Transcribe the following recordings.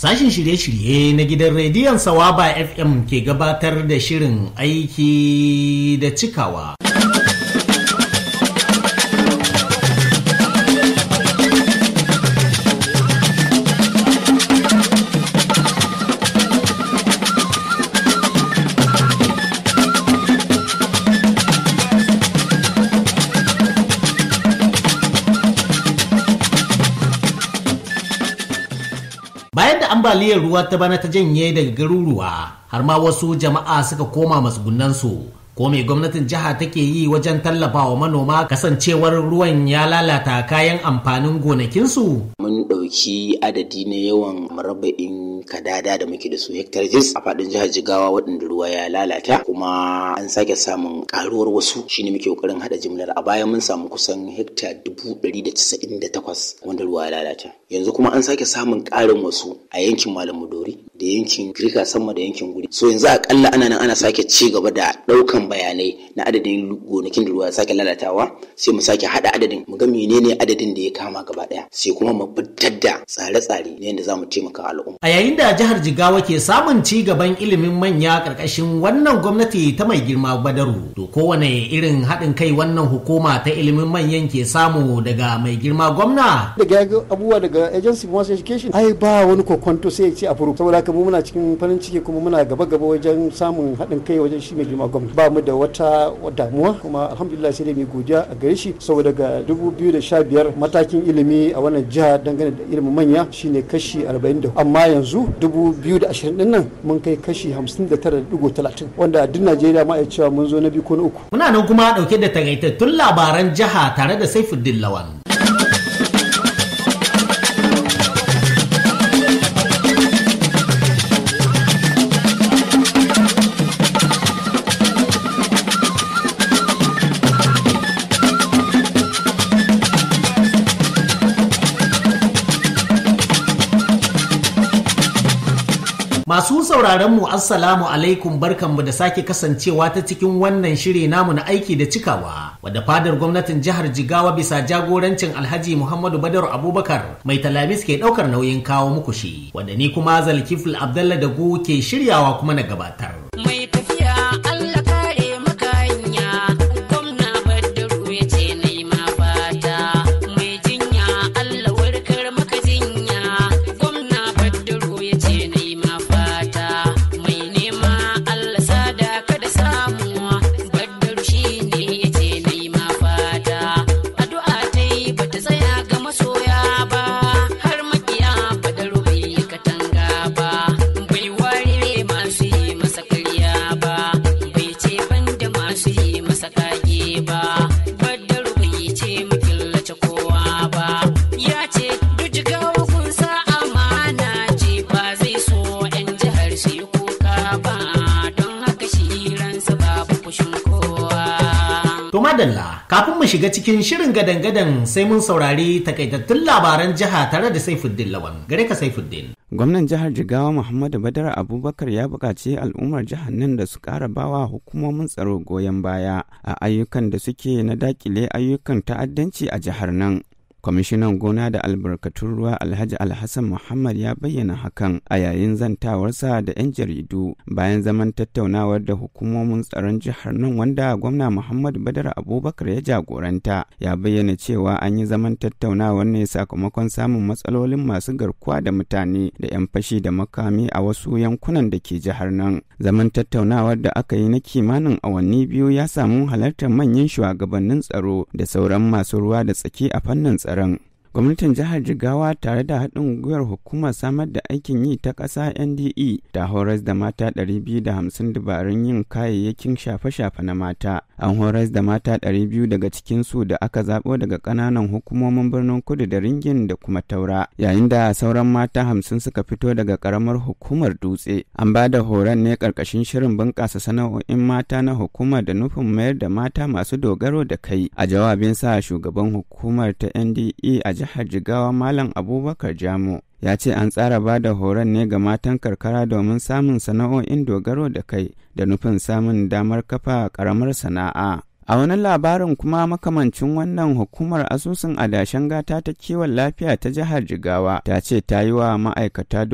Sashen shirye-shirye na gidan rediyon Sawaba FM ke gabatar da shirin aiki da cikawa. ambaliyar ruwa ta bana ta janye daga garuruwa har ma wasu jama'a suka koma su, ko mai gwamnatin jiha take yi wajen tallafawa manoma kasancewar ruwan ya lalata kayan amfanin gonakinsu mun ɗauki adadi na yawan marabba'in kadada da muke da su hectares a faɗin jihar jigawa waɗanda ruwa ya lalata kuma an sake samun karuwar wasu shine muke kokarin hada jimlar a baya mun samu kusan hekta dubu ɗari da casa'in da wanda ruwa ya lalata yanzu kuma an sake samun ƙarin wasu a yankin malam dori da yankin girka sama da yankin guri so yanzu akalla ana nan ana sake ci gaba da ɗaukan bayanai na adadin gonakin da ruwa da sake lalatawa sai mu sake haɗa adadin mu ga menene adadin da ya kama gaba ɗaya sai kuma mu fitar da tsare-tsare ne yadda za mu taimaka al'umma. a yayin da jihar jigawa ke samun ci gaban ilimin manya ƙarƙashin wannan gwamnati ta mai girma badaru to kowane irin haɗin kai wannan hukuma ta ilimin manyan ke samu daga mai girma gwamna. daga abubuwa daga da agency for mass education ai ba wani kokonto sai ya ce a furu saboda haka mu muna cikin farin ciki kuma muna gaba gaba wajen samun haɗin kai wajen shi mai girma gwamnati ba mu da wata damuwa kuma alhamdulillah sai dai mu godiya a gare shi saboda ga 2015 matakin ilimi a wannan jiha dangane da ilimin manya shine kashi 40 amma yanzu 2020 din nan mun kai kashi 59.30 wanda duk Najeriya ma ya cewa mun zo na biyu ko na uku muna nan kuma dauke da tagaitattun labaran jiha tare da Saifuddin Lawan Masu sauraron mu assalamu alaikum barkanmu da sake kasancewa ta cikin wannan shiri namu na aiki da cikawa wadda fadar gwamnatin jihar Jigawa bisa jagorancin Alhaji Muhammadu Badar Abubakar mai talamis ke daukar nauyin kawo muku shi wadda ni kuma Zalkifil Abdallah da ke shiryawa kuma na gabatar. To madalla kafin mu shiga cikin shirin gadan-gadan sai mun saurari takaitattun labaran jiha tare da Saifuddin Lawan. Gare ka Saifuddin. Gwamnan jihar Jigawa Muhammadu Badar Abubakar ya buƙaci al'ummar jihar nan da su ƙara bawa hukumomin tsaro goyon baya a ayyukan da suke na dakile ayyukan ta'addanci a jihar nan. kwamishinan gona da albarkatun ruwa alhaji alhassan muhammad ya bayyana hakan a yayin zantawarsa da 'yan jaridu bayan zaman tattaunawar da hukumomin tsaron jihar nan wanda gwamna muhammad badar abubakar ya jagoranta ya bayyana cewa an yi zaman tattaunawar ne sakamakon samun matsalolin masu garkuwa da mutane da 'yan fashi da makami a wasu yankunan da ke jihar nan zaman tattaunawar da aka yi na kimanin awanni biyu ya samu halartar manyan shugabannin tsaro da sauran masu ruwa da tsaki a fannin tsaro tsaron gwamnatin jihar jigawa tare da haɗin gwiwar hukumar samar da aikin yi ta ƙasa nde ta horas da mata 250 dabarun yin kayayyakin shafe-shafe na mata an horas da mata 200 daga cikinsu da aka zaɓo daga ƙananan hukumomin birnin kudu da ringin da kuma taura yayin da sauran mata hamsin suka fito daga ƙaramar hukumar dutse an ba da horon ne ƙarƙashin shirin bunƙasa sana'o'in mata na hukumar da nufin mayar da mata masu dogaro da kai a jawabinsa shugaban hukumar ta nde a jihar jigawa malam abubakar jamo ya ce an tsara ba da horon ne ga matan karkara domin samun sana'o'in dogaro da kai da nufin samun damar kafa ƙaramar sana'a. A wani labarin kuma makamancin wannan hukumar asusun adashen gata ta kiwon lafiya ta jihar Jigawa ta ce ta yi wa ma'aikata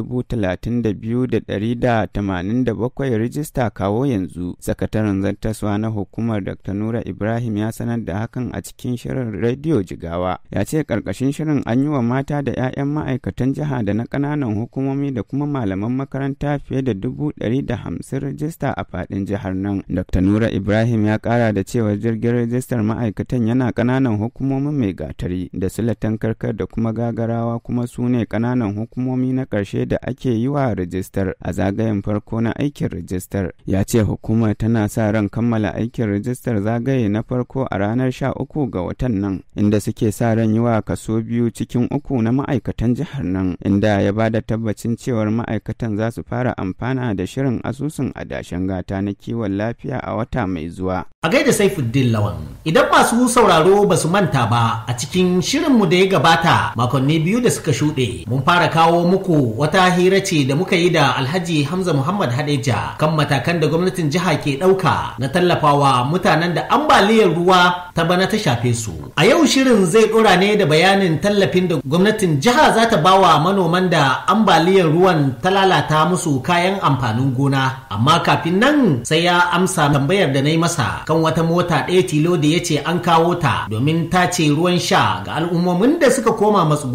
bakwai rijista kawo yanzu. Sakataren zartaswa na hukumar Dr. Nura Ibrahim ya sanar da hakan a cikin shirin rediyo Jigawa. Ya ce karkashin shirin an yi wa mata da 'ya'yan ma'aikatan jiha da na ƙananan hukumomi da kuma malaman makaranta fiye da dubu ɗari da hamsin rijista a faɗin jihar nan. Dr. Nura Ibrahim ya ƙara da cewa jirgin rajistar ma'aikatan yana ƙananan hukumomin mai gatari da silatan karkar da kuma gagarawa kuma su ne ƙananan hukumomi na ƙarshe da ake yi wa rajistar a zagayen farko na aikin rajistar ya ce hukumar tana sa ran kammala aikin rajistar zagaye na farko a ranar sha uku ga watan nan inda suke sa ran yi wa kaso biyu cikin uku na ma'aikatan jihar nan inda ya ba da tabbacin cewar ma'aikatan za su fara amfana da shirin asusun adashen gata na kiwon lafiya a wata mai zuwa. A gaida Saifuddin دي اللون Idan masu sauraro ba su manta ba a cikin shirinmu da ya gabata makonni biyu da suka shuɗe, mun fara kawo muku wata hira ce da muka yi da Alhaji Hamza Muhammad Hadeja kan matakan da gwamnatin jiha ke ɗauka na tallafawa mutanen da ambaliyar ruwa ta bana ta shafe su. A yau shirin zai ɗora ne da bayanin tallafin da gwamnatin jiha za ta ba wa manoman da ambaliyar ruwan ta lalata musu kayan amfanin gona. Amma kafin nan sai ya amsa tambayar da na yi masa kan wata mota ɗaya tilo da ya. ya ce an kawo ta domin ta ce ruwan sha ga al'ummomin da suka koma su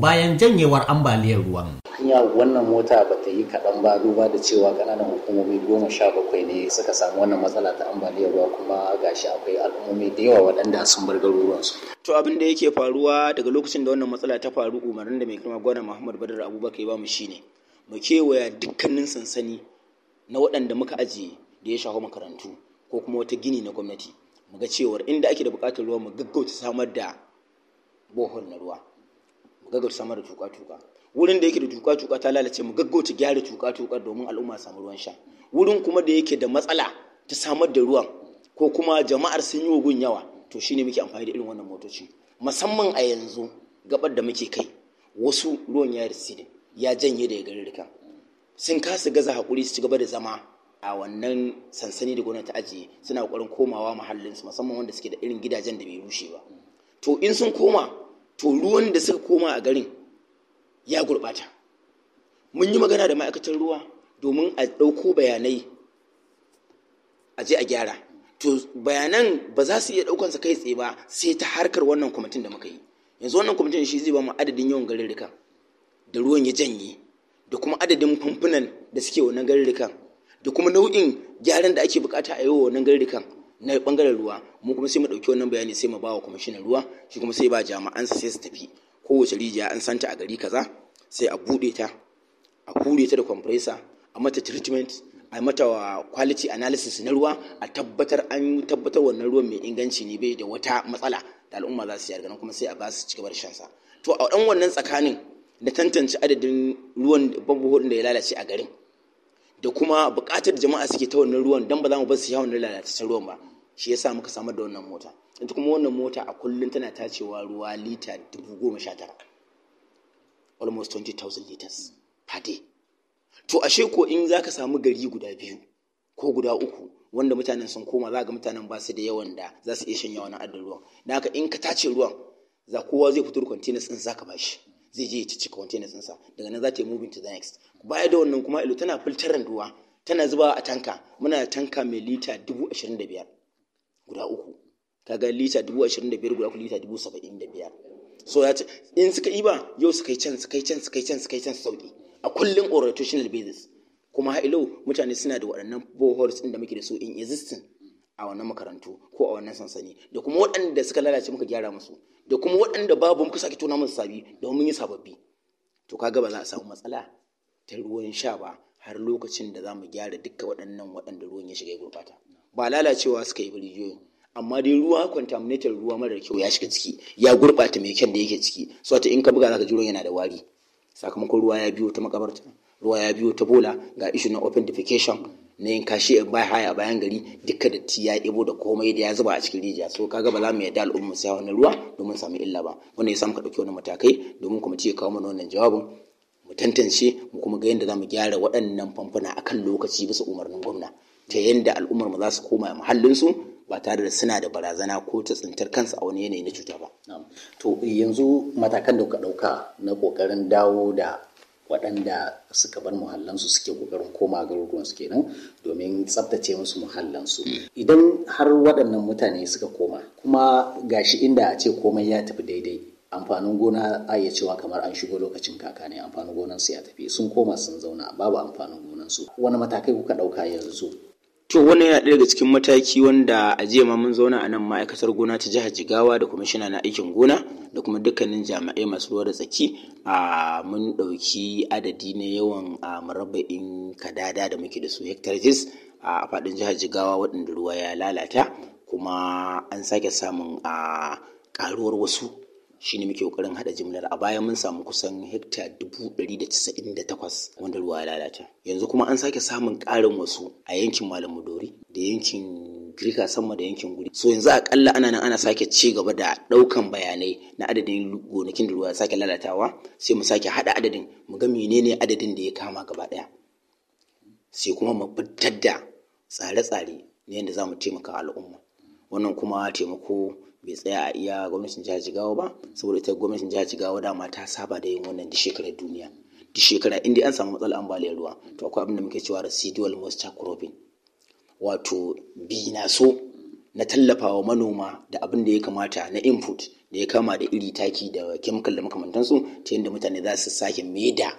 bayan janyewar ambaliyar ruwan. hanya wannan mota ba ta yi kaɗan ba duba da cewa ƙananan hukumomi goma sha bakwai ne suka samu wannan matsala ta ambaliyar ruwa kuma ga shi akwai al'ummomi da yawa waɗanda sun bar garuruwansu. to abin da yake faruwa daga lokacin da wannan matsala ta faru umarnin da mai girma gwana muhammad badar abubakar ya bamu shine mu kewaya dukkanin sansani na waɗanda muka ajiye da ya shafi makarantu ko kuma wata gini na gwamnati mu ga cewar inda ake da bukatar ruwa mu gaggauta samar da bohol na ruwa mu gaggauta samar da tuka-tuka wurin da yake da tuka-tuka ta lalace mu gaggauta gyara tuka-tuka domin al'umma samu ruwan sha wurin kuma da yake da matsala ta samar da ruwan ko kuma jama'ar sun yi gun yawa to shine muke amfani da irin wannan motoci musamman a yanzu gabar da muke kai wasu ruwan ya rasu ya janye da ya garirrika sun kasa gaza hakuri su ci gaba da zama a wannan sansani da gwamnati ajiye suna ƙoƙarin komawa mahallinsu musamman wanda suke da irin gidajen da bai rushe ba to in sun koma to ruwan da suka koma a garin ya gurɓata mun yi magana da ma'aikatan ruwa domin a ɗauko bayanai a je a gyara to bayanan ba za su iya ɗaukansa kai tsaye ba sai ta harkar wannan kwamitin da muka yi yanzu wannan kwamitin shi zai ba mu adadin yawan garirrikan da ruwan ya janye da kuma adadin famfunan da suke wannan garirrikan da kuma nau'in gyaran da ake bukata a yi wa wannan garrikan na bangaren ruwa mu kuma sai mu ɗauki wannan bayani sai mu ba wa kwamishinan ruwa shi kuma sai ba jama'ansa sai su tafi kowace rijiya an santa a gari kaza sai a buɗe ta a hure ta da compressor a mata treatment a mata quality analysis na ruwa a tabbatar an tabbatar wannan ruwan mai inganci ne bai da wata matsala da al'umma za su yarda kuma sai a ba su ci gaba shansa to a ɗan wannan tsakanin da tantance adadin ruwan babu babban da ya lalace a garin da kuma buƙatar jama'a suke ta wannan ruwan don ba za mu bar su sha wannan lalatacin ruwan ba shi yasa muka samar da wannan mota ita kuma wannan mota a kullum tana tacewa ruwa lita dubu goma sha tara almost twenty thousand liters per day to ashe ko in za ka samu gari guda biyu ko guda uku wanda mutanen sun koma za ga mutanen ba su da yawan da za su iya shanya wani adadin ruwan da haka in ka tace ruwan za kowa zai fito da containers din za ka shi. zai je ta cika containers ɗinsa daga nan za ta yi moving to the next baya da wannan kuma ilo tana filtaran ruwa tana zuba a tanka muna da tanka mai lita dubu ashirin da biyar guda uku kaga lita dubu ashirin da biyar guda uku lita dubu saba'in da biyar so ya ce in suka yi ba yau suka yi can suka yi can suka yi can suka yi can sauki a kullum orientational basis kuma ha ilo mutane suna da waɗannan boreholes ɗin da muke da su in existing a wannan makarantu ko a wannan sansani da kuma waɗanda suka lalace muka gyara musu da kuma waɗanda babu muka sake tona musu sabi da mun yi sababbi to kaga ba za a samu matsala ta ruwan sha ba har lokacin da za mu gyara dukkan waɗannan waɗanda ruwan ya shiga ya gurɓata ba lalacewa suka yi rijiyoyin amma dai ruwa contaminated ruwa mara kyau ya shiga ciki ya gurbata mai kyan da yake ciki so ta in ka buga zaka ji ruwan yana da wari sakamakon ruwa ya biyo ta makabarta ruwa ya biyo ta bola ga issue na open defecation na yin kashi in bai haya bayan gari duka da ya ibo da komai da ya zuba a cikin rijiya so kaga ba za mu yarda al'umma su wani ruwa domin samu illa ba wanda ya samu ka dauki wani matakai domin kuma ce kawo mana wannan jawabin mu tantance mu kuma ga yadda za mu gyara waɗannan famfuna kan lokaci bisa umarnin gwamna ta yadda al'ummar mu za su koma muhallinsu ba tare da suna da barazana ko ta tsintar kansu a wani yanayi na cuta ba. To yanzu matakan da kuka ɗauka na ƙoƙarin dawo da waɗanda suka bar muhallansu suke ƙoƙarin koma garuruwansu kenan domin tsabtace musu muhallansu hmm. idan har waɗannan mutane suka koma kuma gashi inda a ce komai ya tafi daidai amfanin gona a iya cewa kamar an shigo lokacin kaka ne amfanin gonansu ya tafi sun koma sun zauna babu amfanin gonansu wani matakai kuka ɗauka yanzu To wannan yana ɗaya daga cikin mataki wanda a jiya ma mun zauna a nan ma'aikatar gona ta jihar Jigawa da kuma na aikin gona da kuma dukkanin jami'ai masu ruwa da tsaki a mun ɗauki adadi na yawan murabba'in kadada da muke da su hectares a faɗin jihar jigawa waɗanda ruwa ya lalata kuma an sake samun a ƙaruwar wasu shi ne muke kokarin haɗa jimlar a baya mun samu kusan hekta 198 wanda ruwa ya lalata yanzu kuma an sake samun ƙarin wasu a yankin malam dori da yankin Girka, sama da yankin guri so yanzu akalla ana nan ana sake ci gaba da ɗaukan bayanai na adadin gonakin da ruwa ya sake lalatawa sai mu sake haɗa adadin mu ga menene adadin da ya kama gaba ɗaya sai kuma mu fitar da tsare-tsare na yadda za mu taimaka al'umma wannan kuma taimako bai tsaya a iya gwamnatin jihar jigawa ba saboda ita gwamnatin jihar jigawa dama ta saba da yin wannan duk shekarar duniya duk shekara inda an samu matsalar ambaliyar ruwa to akwai abin da muke cewa residual moisture cropping wato bi na so na tallafawa manoma da abin da ya kamata na input da ya kama da iri taki da chemical da makamantansu ta yadda mutane za su sake maida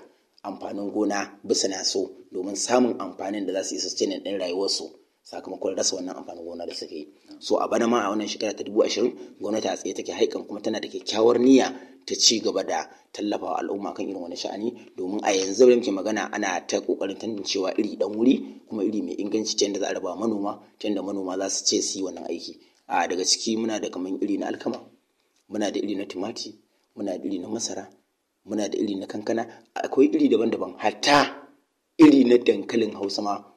amfanin gona bisa na so domin samun amfanin da za su yi sustaining ɗin rayuwarsu sakamakon rasa wannan amfanin gona da suke yi so a bana ma a wannan shekara ta dubu ashirin gwamnati a tsaye take haikan kuma tana da kyakkyawar niyya ta ci gaba da tallafa al'umma kan irin wani sha'ani domin a yanzu da muke magana ana ta kokarin tantancewa iri dan wuri kuma iri mai inganci ta yadda za a raba manoma ta yadda manoma za su ce su yi wannan aiki a daga ciki muna da kamar iri na alkama muna da iri na tumati muna da iri na masara muna da iri na kankana akwai iri daban-daban hatta iri na dankalin hausa ma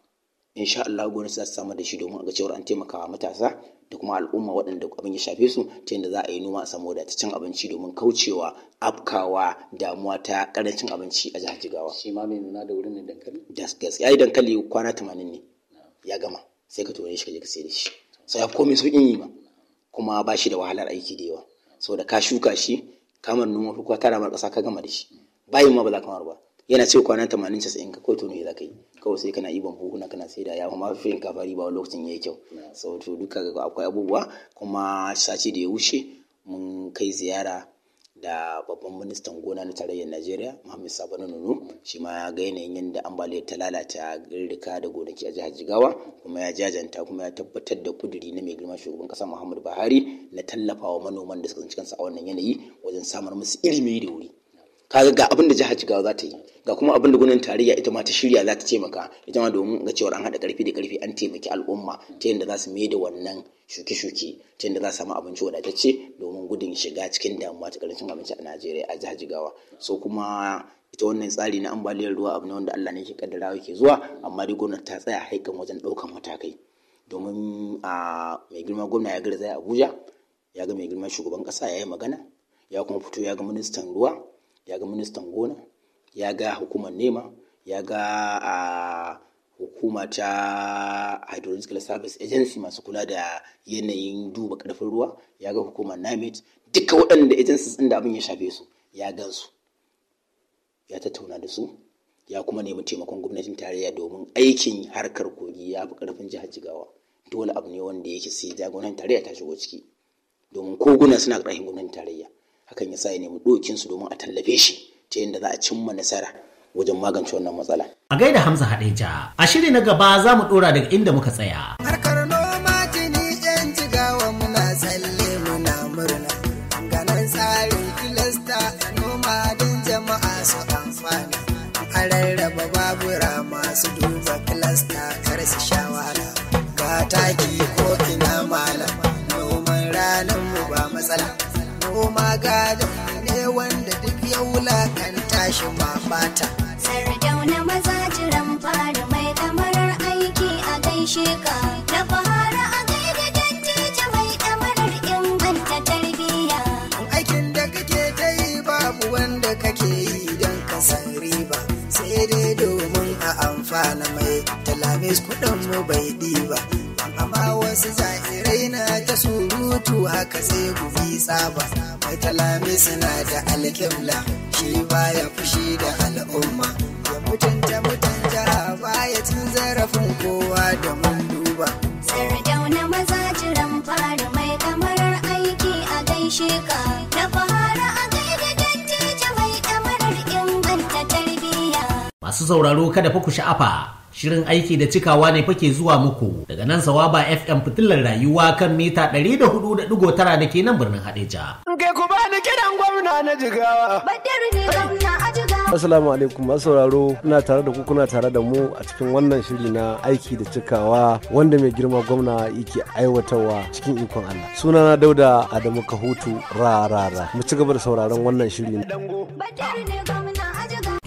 sha Allah gwamnati za ta samar da shi domin a ga cewar an taimakawa matasa da kuma al'umma waɗanda abin ya shafe su ta yadda za a yi noma a samu wadataccen abinci domin kaucewa afkawa damuwa ta karancin abinci a jihar Jigawa. Shi ma mai nuna da wurin ne dankali? Gaskiya yi dankali kwana tamanin ne ya gama sai ka tura shi ka je ka sayar da shi. Sai komai sauƙin yi ma kuma ba shi da wahalar aiki da yawa. Saboda ka shuka shi kamar noma ko ka tara mara ƙasa ka gama da shi. Bayin ma ba za ka ba. yana ce kwana tamanin casa'in ka ko ne za ka yi kawai sai kana iban buhuna kana sai da yawa mafin fiye ka fari ba lokacin ya yi kyau sau to duka akwai abubuwa kuma sace da ya wuce mun kai ziyara da babban ministan gona na tarayyar najeriya muhammad sabon nunu shi ma ya ga yanayin yadda ambaliyar ta lalata rika da gonaki a jihar jigawa kuma ya jajanta kuma ya tabbatar da kuduri na mai girma shugaban kasa muhammadu buhari na tallafawa manoman da suka tsinci kansu a wannan yanayi wajen samar musu ilimi da wuri Ka ga abin da jihar Jigawa za ta yi ga kuma abin da gwamnatin tarayya ita ma ta shirya za ta taimaka ita ma domin ga cewa an haɗa ƙarfi da ƙarfi an taimaki al'umma ta yadda za su mai da wannan shuke-shuke ta yadda za su samu abinci wadatacce domin gudun shiga cikin damuwa ta ƙarancin abinci a Najeriya a jihar Jigawa so kuma ita wannan tsari na ambaliyar ruwa abu ne wanda Allah ne ke kaddara yake zuwa amma dai gwamnati ta tsaya haikan wajen ɗaukan matakai domin a mai girma gwamna ya zai Abuja ya ga mai girma shugaban ƙasa ya yi magana ya kuma fito ya ga ministan ruwa ya ga ministan gona ya ga hukumar nema ya ga a hukuma ta hydrological service agency masu kula da yanayin duba karfin ruwa ya ga hukumar namet duka waɗanda agencies ɗin da abin ya shafe su ya su ya tattauna da su ya kuma nemi taimakon gwamnatin tarayya domin aikin harkar kogi ya fi karfin jihar jigawa dole abu ne wanda yake sai jagoran tarayya ta shigo ciki domin koguna suna karfin gwamnatin tarayya hakan yasa ya nemi ɗokin su domin a tallafe shi ta yadda za a cimma nasara wajen magance wannan matsala. A gaida Hamza Hadeja, a shiri na gaba za mu ɗora daga inda muka tsaya. Harkar noma jini yan jigawa muna tsalle muna murna. Ganin tsarin filasta noma don jama'a su amfana. A rarraba babura masu duba filasta kar su shawara. Ga taki ko ina malam noman ranar mu ba matsala. magadan ne wanda duk ya wulakanta shi ma mata. Sardauna maza jiran fara mai kamarar aiki a gaishe ka na fara a gaida dattijo mai kamarar inganta tarbiyya. Aikin da kake ta yi babu wanda kake yi don ka san riba sai dai domin a amfana mai talamis kuɗin mu bai diba. amma wasu za'i mutu haka sai gubi tsaba mai talami suna da alkibla shi baya fushi da al'umma ya mutunta mutunta baya cin zarafin kowa da mun duba sardauna maza jiran fari mai kamar aiki a gaishe ka da fahara a gaida dattijo mai kamarar inganta tarbiyya masu sauraro kada fa ku sha'afa Shirin aiki da cikawa ne fake zuwa muku daga nan sawaba FM fitilar rayuwa kan mita 104.9 da ke nan birnin Hadeja. Kai ku bani kiran gwamna na jigawa. Badar ne gwamna a jigawa. Assalamu alaikum masauraro ina tare da ku kuna tare da mu a cikin wannan shiri na aiki da cikawa wanda mai girma gwamna yake aiwatarwa cikin ikon Allah. Sunana Dauda Adamu Kahutu rarara Mu ci gaba da sauraron wannan shiri. Badar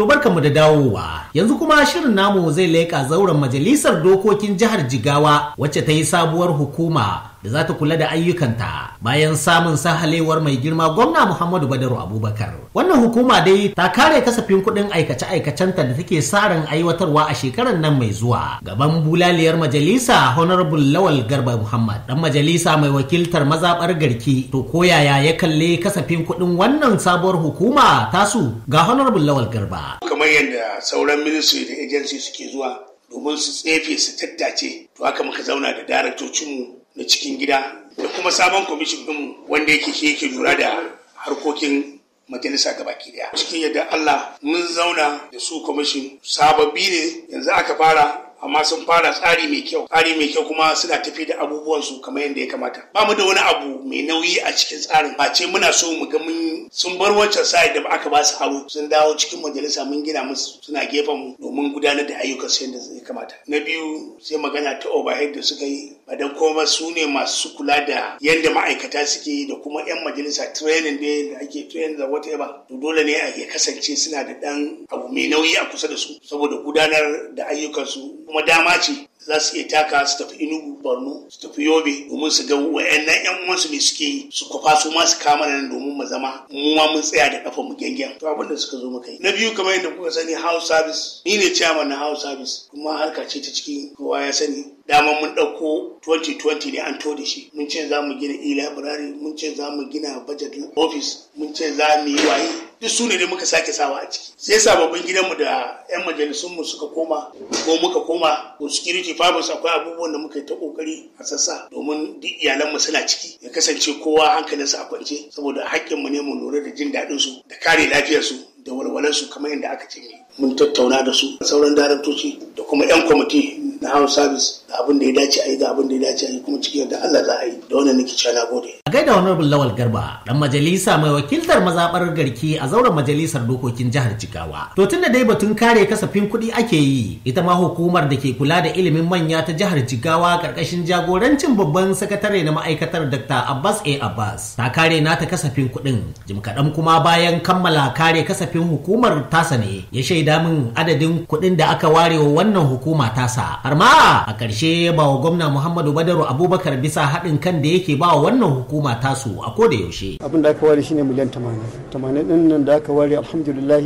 To barkanmu da dawowa. Yanzu kuma shirin namu zai leƙa zauren majalisar dokokin jihar Jigawa wacce ta yi sabuwar hukuma da za ta kula da ayyukanta bayan samun sahalewar mai girma gwamna Muhammadu Badaru Abubakar. Wannan hukuma dai ta kare kasafin kuɗin aikace-aikacenta da take sa ran aiwatarwa a shekarar nan mai zuwa. Gaban bulaliyar majalisa Honorable Lawal Garba Muhammad dan majalisa mai wakiltar mazabar garki to koyaya ya kalle kasafin kuɗin wannan sabuwar hukuma tasu ga Honorable Lawal Garba. Kamar yadda sauran ministry da agency suke zuwa domin su tsefe su tattace to haka muka zauna da daraktocinmu na cikin gida da kuma sabon kwamishin ɗin wanda yake ke yake lura da harkokin majalisa ga baki daya cikin yadda Allah mun zauna da su kwamishin Sababi ne yanzu aka fara amma sun fara tsari mai kyau tsari mai kyau kuma suna tafi da abubuwan su kamar yadda ya kamata ba mu da wani abu mai nauyi a cikin tsarin ba ce muna so mu ga mun sun bar wancan sa'id da aka ba su aro sun dawo cikin majalisa mun gina musu suna gefen mu domin gudanar da ayyukan su yadda ya kamata na biyu sai magana ta overhead da suka yi ba dan kuma su ne masu kula da yadda ma'aikata suke da kuma 'yan majalisa training ne da ake training da whatever to dole ne a kasance suna da dan abu mai nauyi a kusa da su saboda gudanar da ayyukansu. kuma dama ce za su iya taka su tafi inugu barno su tafi yobe domin su ga wa'annan yan uwansu ne suke yi su kwafa su ma su kama nan domin mu zama mu ma mun tsaya da kafa mu gyangen to abin da suka zo muka yi na biyu kamar yadda kuka sani house service ni ne chairman na house service kuma harka ce ta ciki kowa ya sani dama mun ɗauko 2020 ne an to da shi mun ce za mu gina e-library mun ce za mu gina budget office mun ce za mu yi waye duk su ne muka sake sawa a ciki sai sababbin gidanmu da 'yan majalisun mu suka koma ko muka koma ko security farmers akwai abubuwan da muka yi ta kokari a sassa domin duk iyalanmu suna ciki ya kasance kowa hankalinsa a kwance saboda mu ne mu lura da jin daɗin su da kare lafiyarsu da walwalarsu kamar yadda aka ce mun tattauna da su sauran daraktoci da kuma 'yan kwamiti na house service ga abin da ya dace a yi ga abin da ya dace a yi kuma cikin yadda Allah za a yi da wannan nake cewa na gode. A gaida honorable Lawal Garba dan majalisa mai wakiltar mazabar garki a zauren majalisar dokokin jihar Jigawa. To tunda dai batun kare kasafin kuɗi ake yi ita ma hukumar da ke kula da ilimin manya ta jihar Jigawa karkashin jagorancin babban sakatare na ma'aikatar Dr. Abbas A Abbas ta kare nata kasafin kuɗin jim kaɗan kuma bayan kammala kare kasafin hukumar tasa ne ya shaida min adadin kuɗin da aka ware wa wannan hukuma tasa har ma a ƙarshe ƙarshe ya bawa gwamna Muhammadu Badaru Abubakar bisa haɗin kan da yake wa wannan hukuma tasu a da yaushe. Abin da aka ware shine miliyan 80. 80 ɗin nan da aka ware alhamdulillah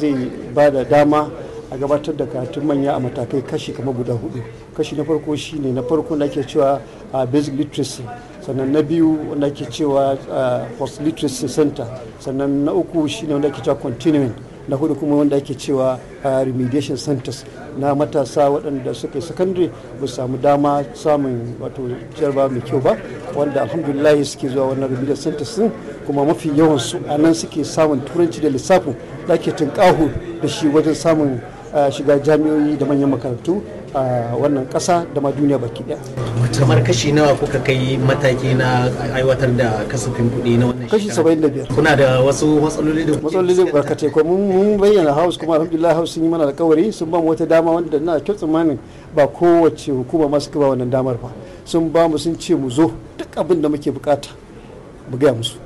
zai ba da dama a gabatar da karatun manya a matakai kashi kamar guda hudu kashi na farko shine na farko da ake cewa a basic literacy sannan na biyu wanda ake cewa post literacy center sannan na uku shine wanda ake cewa continuing na hudu kuma wanda ake cewa ah, remediation centers na matasa waɗanda suka yi secondary ba samu dama samun wato jarba mai kyau ba wanda alhamdulillah suke zuwa wannan remediation centers din kuma mafi yawansu a nan suke samun turanci da lissafin da ake tunƙaho da shi wajen samun shiga jami'oyi da manyan makarantu a wannan kasa da ma duniya baki daya. kamar kashi nawa kuka kai mataki na aiwatar da kasafin kuɗi na wannan kashi da biyar. kuna da wasu matsaloli da matsaloli da barkate ko mun bayyana Haus kuma alhamdulillah Haus sun yi mana alkawari sun ba mu wata dama wanda na kyau tsammanin ba kowace hukuma ma suka ba wannan damar ba sun ba mu sun ce mu zo duk abin da muke bukata mu gaya musu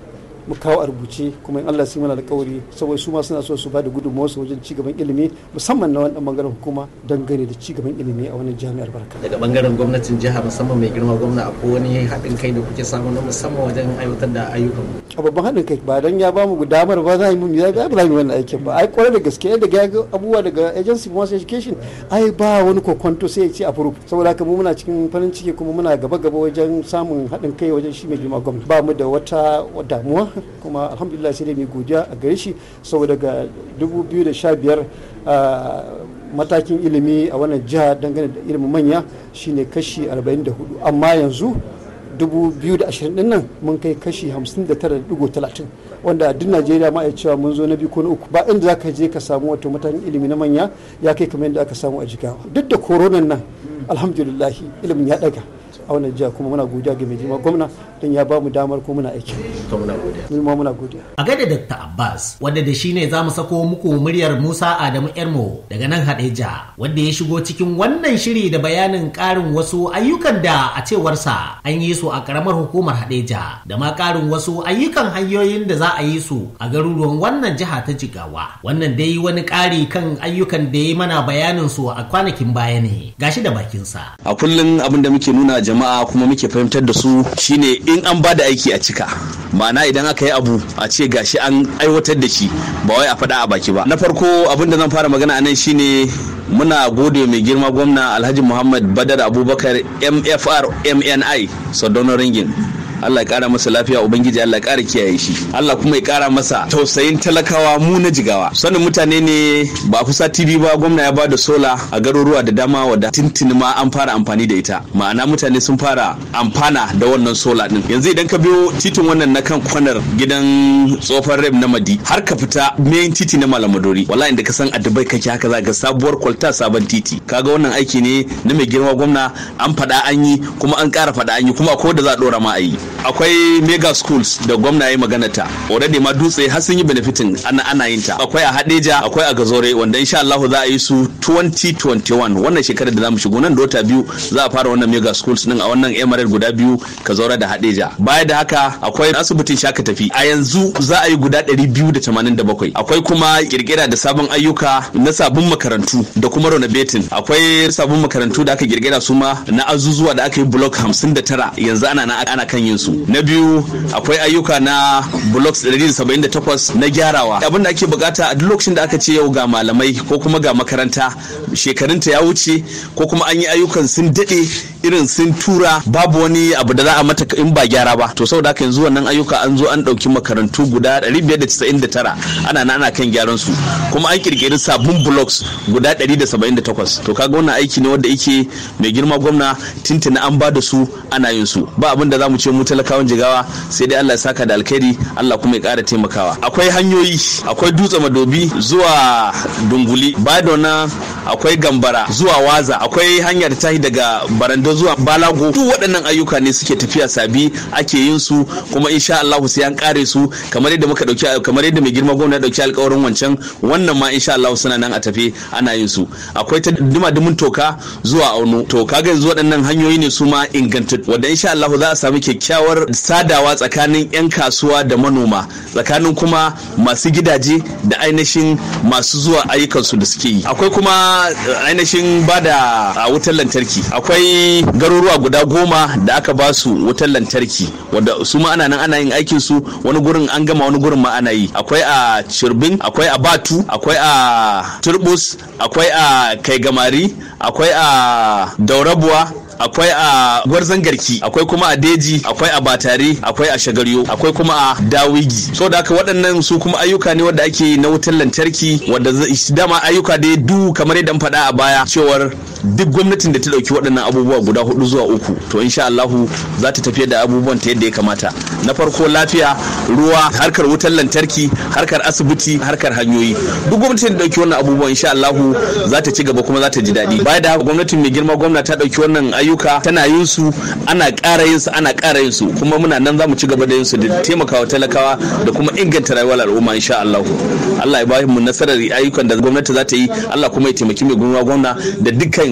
mu kawo a rubuce kuma in Allah sai mana alƙawari saboda su ma suna so su bada gudunmawar su wajen cigaban ilimi musamman na wani bangaren hukuma dangane da cigaban ilimi a wani jami'ar Barka daga bangaren gwamnatin jiha musamman mai girma gwamna akwai wani haɗin kai da kuke samu na musamman wajen aiwatar da ayyukan a babban haɗin kai ba dan ya ba mu damar ba za mu ya ba za mu wani aikin ba ai kwarai da gaske yadda ga abubuwa daga agency for mass education ai ba wani kokonto sai ya ce approve saboda haka mu muna cikin farin ciki kuma muna gaba gaba wajen samun haɗin kai wajen shi mai girma gwamna ba mu da wata damuwa kuma alhamdulillah sai dai mai godiya a gare shi saboda ga 2015 matakin ilimi a wannan jiha dangane da ilimin manya shine kashi 44 amma yanzu 2020 din nan mun kai kashi 59.30 wanda duk najeriya ma ya cewa mun zo na biyu ko na uku ba inda za ka je ka samu wato matakin ilimi na manya ya kai kamar yadda aka samu a jigawa duk da koronan nan alhamdulillah ilimin ya daga a wannan jiya kuma muna godiya ga mai gwamna don ya ba mu damar ko muna aiki muna muna godiya a da Dr. Abbas wanda da shi ne za mu sako muku muryar Musa Adamu Ermo daga nan Hadeja wanda ya shigo cikin wannan shiri da bayanin karin wasu ayyukan da a cewarsa an yi su a karamar hukumar Hadeja da ma karin wasu ayyukan hanyoyin da za a yi su a garuruwan wannan jiha ta Jigawa wannan dai wani kari kan ayyukan da ya mana bayanin su a kwanakin baya ne gashi da bakinsa a kullum abin da muke nuna jama'a jama'a kuma muke fahimtar da su shine in an ba da aiki a cika ma'ana idan aka yi abu a ce gashi an aiwatar da shi ba wai a faɗa a baki ba na farko abin da zan fara magana anan shine muna gode mai girma gwamna alhaji muhammad badar abubakar mfr mni sadonar ringin Allah ya kara masa lafiya ubangiji Allah ya kara kiyaye shi Allah kuma ya kara masa tausayin talakawa mu na jigawa sanin mutane ne ba kusa TV ba gwamna ya bada sola a garuruwa da dama wadda tintini ma an fara amfani da ita ma'ana mutane sun fara amfana da wannan sola din yanzu idan ka biyo titin wannan na kan kwanar gidan tsofar rem na madi har ka fita main titi na malamadori wala inda ka san a dubai kake haka za ga sabuwar kwalta sabon titi kaga wannan aiki ne na mai girma gwamna an faɗa an yi kuma an ƙara faɗa an yi kuma ko da za a ɗora ma a yi akwai mega schools da gwamna ya magana ta already ma dutse har sun yi benefitin ana ana yin ta akwai a hadeja akwai a gazore wanda insha Allah za a yi su 2021 wannan shekarar da zamu shigo nan dota biyu za a fara wannan mega schools din a wannan emirate guda biyu kazaure da hadeja baya da haka akwai asibitin shaka tafi a yanzu za a yi guda 287 akwai kuma kirkira da sabon ayyuka na sabon makarantu da kuma renovating akwai sabon makarantu da aka kirkira su ma na azuzuwa da aka yi block 59 yanzu ana ana kan yin su na biyu akwai ayyuka na blocks 178 na gyarawa abin da ake bukata a duk lokacin da aka ce yau ga malamai ko kuma ga makaranta shekarunta ya wuce ko kuma an yi ayyukan sun dade irin sun tura babu wani abu da za a mata in ba gyara ba to saboda haka yanzu wannan ayyuka an zo an ɗauki makarantu guda 599 ana na ana kan gyaran su kuma an kirkiri sabbin blocks guda 178 to kaga wannan aiki ne wanda yake mai girma gwamna tintina an ba da su ana yin su ba abin da za mu ce mu talaka talakawan jigawa sai dai Allah ya saka da alkhairi Allah kuma ya ƙara taimakawa akwai hanyoyi akwai dutse madobi zuwa dunguli badona akwai gambara zuwa waza akwai hanyar tahi daga barando zuwa balago duk waɗannan ayyuka ne suke tafiya sabi ake yin su kuma insha Allah sai an kare su kamar yadda muka dauki kamar yadda mai girma gwamnati ya dauki alƙawarin wancan wannan ma insha Allah suna nan a tafi ana yin su akwai ta dumadumin toka zuwa auno to kaga yanzu waɗannan hanyoyi ne su ma ingantattu wanda insha Allah za a samu kyakkyawar kyakkyawar sadawa tsakanin 'yan kasuwa da manoma tsakanin kuma masu gidaje da ainihin masu zuwa ayyukansu da suke yi akwai kuma eh, ainihin ba da ah, wutar lantarki akwai garuruwa guda goma da aka ba su wutar lantarki wadda su ma ana nan ana yin aikin su wani gurin an gama wani gurin ma ana yi akwai a cirbin akwai a batu akwai a turbus akwai a kai gamari akwai a daurabuwa akwai a gwarzan garki akwai kuma a deji akwai a batare akwai a shagaryo akwai kuma a dawigi so da haka waɗannan su kuma ayyuka ne wanda ake na wutar lantarki wanda dama ayyuka dai du kamar yadda faɗa a baya cewar duk gwamnatin da ta dauki waɗannan abubuwa guda hudu zuwa uku to insha Allahu za ta tafiyar da abubuwan ta yadda ya kamata na farko lafiya ruwa harkar wutar lantarki harkar asibiti harkar hanyoyi duk gwamnatin da dauki wannan in insha Allahu za ta ci gaba kuma za ta ji daɗi baya da gwamnatin mai girma gwamna ta dauki wannan ayyuka tana yin su ana ƙara yin su ana ƙara yin su kuma muna nan za mu ci gaba da yin su da taimakawa talakawa da kuma inganta rayuwar al'umma insha Allahu Allah ya mu nasarar ayyukan da gwamnati za ta yi Allah kuma ya taimaki mai gwamna da dukkan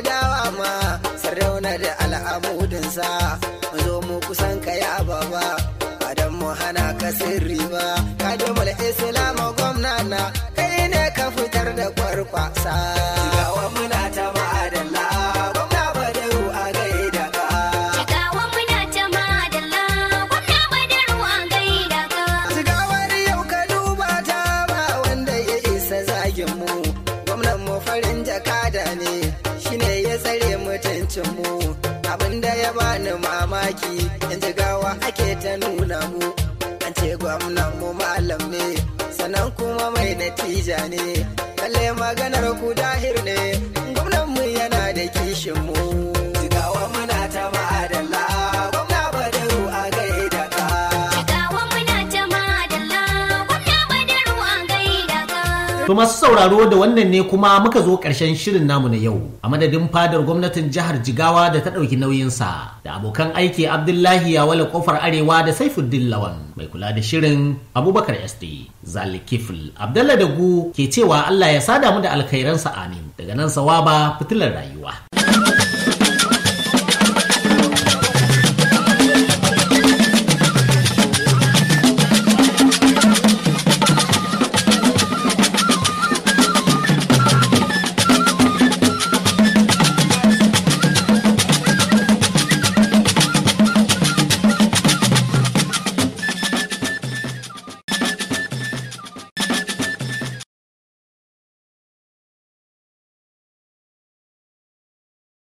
dawa ma sarauna da al'amudinsa zo mu kusan ka ya baba adan mu hana ka sirri ba kadimul islamu gwamnana kai ne ka fitar da kwarkwasa muna ta ba ja kalle maganar ku dahir To masu sauraro da wannan ne kuma muka zo ƙarshen shirin namu na yau a madadin fadar gwamnatin jihar Jigawa da ta ɗauki nauyinsa da abokan aiki Abdullahi Yawala kofar Arewa da Saifuddin Lawan mai kula da shirin Abubakar SD Zalikifil Abdallah Dagu ke cewa Allah ya sada mu da alkhairansa amin daga nan sawaba fitilar rayuwa.